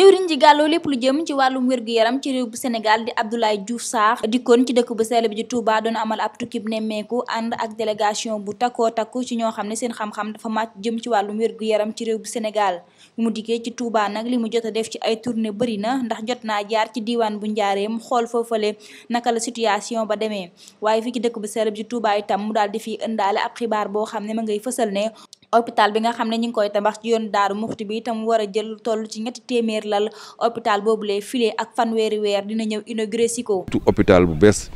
jëwriñ ji gàlloo lépp lu jëm ci wàllum wér-gu-yaram ci réew bu Sénégal di Abdoulaye Diouf Sarr dikkoon ci dëkk bu sell bi di Touba doon amal ab tukkib nemmeeku ànd ak délégation bu takkoo takku ci ñoo xam ne seen xam-xam dafa màcc jëm ci wàllum wér-gu-yaram ci réew bu Sénégal mu dikkee ci Touba nag li mu jot a def ci ay tournée bëri na ndax jot naa jaar ci diiwaan bu njaareem xool foofale naka la situation ba demee waaye fii ci dëkk bu sell bi di Touba itam mu daal di fi ëndaale ab xibaar boo xam ne ma ngay fësal ne hôpital bi nga xam ne ñu ngi koy tabax ci yoon daaru muxti bi itam war a jël toll ci ñetti téeméer lal hôpital boobu lay filé ak fanweeri weer dina ñëw inauguré si ko. tout hôpital bu bees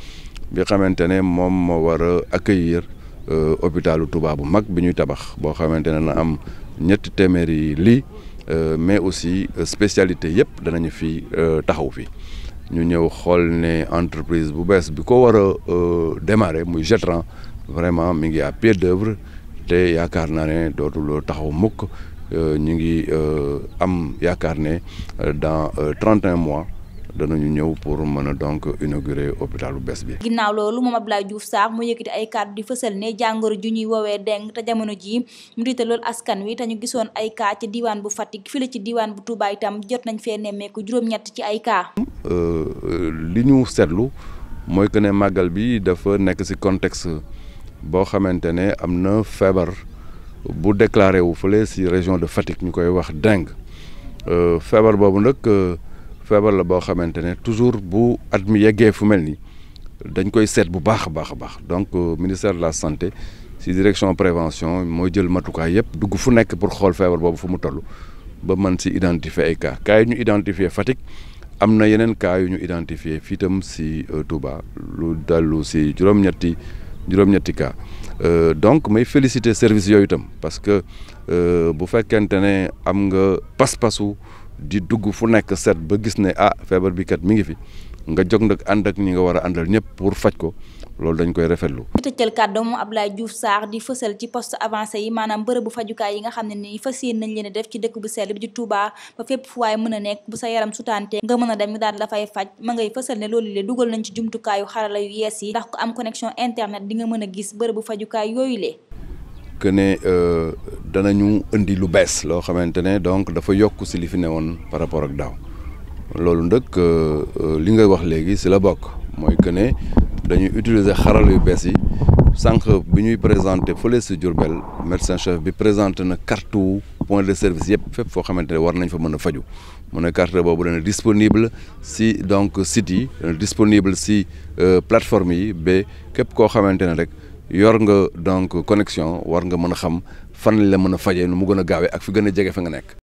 bi xamante ne moom moo war a accueillir euh, hôpitalu Touba bu mag bi ñuy tabax boo xamante ne na am ñetti téeméeri lii euh, mais aussi euh, spécialité yëpp danañu fi taxaw fi ñu ñëw xool ne entreprise bu bees bi ko war a démarrer muy Jetran vraiment mu ngi à pied te yaakaar naa ne dootul taxaw mukk euh, ñu ngi euh, am yaakaar ne euh, dans trente un mois danañu ñëw pour mën a donc inaugurer hôpital bu bees bi. ginnaaw loolu moom Abdoulaye juuf Sarr mu yëkkati ay kàddu di fësal ne jàngoro ju ñuy woowee dengue te jamono jii mu te loolu askan wi te ñu gisoon ay cas ci diwaan bu Fatick fii la ci diwaan bu Touba itam jot nañ fee nemmeeku juróom-ñett ci ay cas. li ñu seetlu mooy que ne màggal bi dafa nekk ci contexte. boo xamante ne am na feebar bu déclaré wu fële si région de Fatick ñu koy wax dengue euh, feebar boobu nag euh, feebar la boo xamante ne toujours bu at mu yeggee fu mel ni dañ koy seet bu baax a baax a baax donc euh, ministère de la santé si direction prévention mooy jël matukaay yëpp dugg fu nekk pour xool feebar boobu fu mu toll ba mën si identifier ay cas yi ñu identifier Fatick am na yeneen cas yu ñu identifier fii itam si Touba lu dellu si juróom-ñetti. juróom-ñetti cas euh, donc may félicité service yooyu itam parce que euh, bu fekkente ne am nga pas-pasu di dugg fu nekk set ba gis ne ah feebar bi kat mi ngi fi nga jóg nag ànd ak ñi nga war a àndal ñëpp pour faj ko loolu dañ koy rafetlu ñu tëccal kàddoom Abdoulaye Diouf Sarr di fësal ci poste avancé yi maanaam bërëbu fajukaay yi nga xam ne nii fas yéene nañ leen def ci dëkk bu sell bi di Touba ba fépp fu waaye mën a nekk bu sa yaram sutaante nga mën a dem ñu daal la fay faj ma ngay fësal ne loolu le dugal nañ ci jumtukaayu yu yees yi ndax am connexion internet di nga mën a gis bërëbu fajukaay yooyu le que ne euh, danañu indi lu bees loo xamante ne donc dafa yokk si li fi ne woon par rapport ak daaw loolu ndëkk euh, euh, li ngay wax léegi si la bokk mooy que dañuy utiliser xaral yu bees yi sànq bi ñuy présenté fële si Diourbel médecin chef bi présenté na carte wu point de service yëpp fépp foo xamante ne war nañ fa mën a faju mu ne boobu dana disponible si donc site dana disponible si euh, plateforme yi ba képp koo xamante ne rek yor nga donc connexion war nga mën a xam fan la mën a faje nu mu gën a gaawee ak fi gën a jege fa nga nekk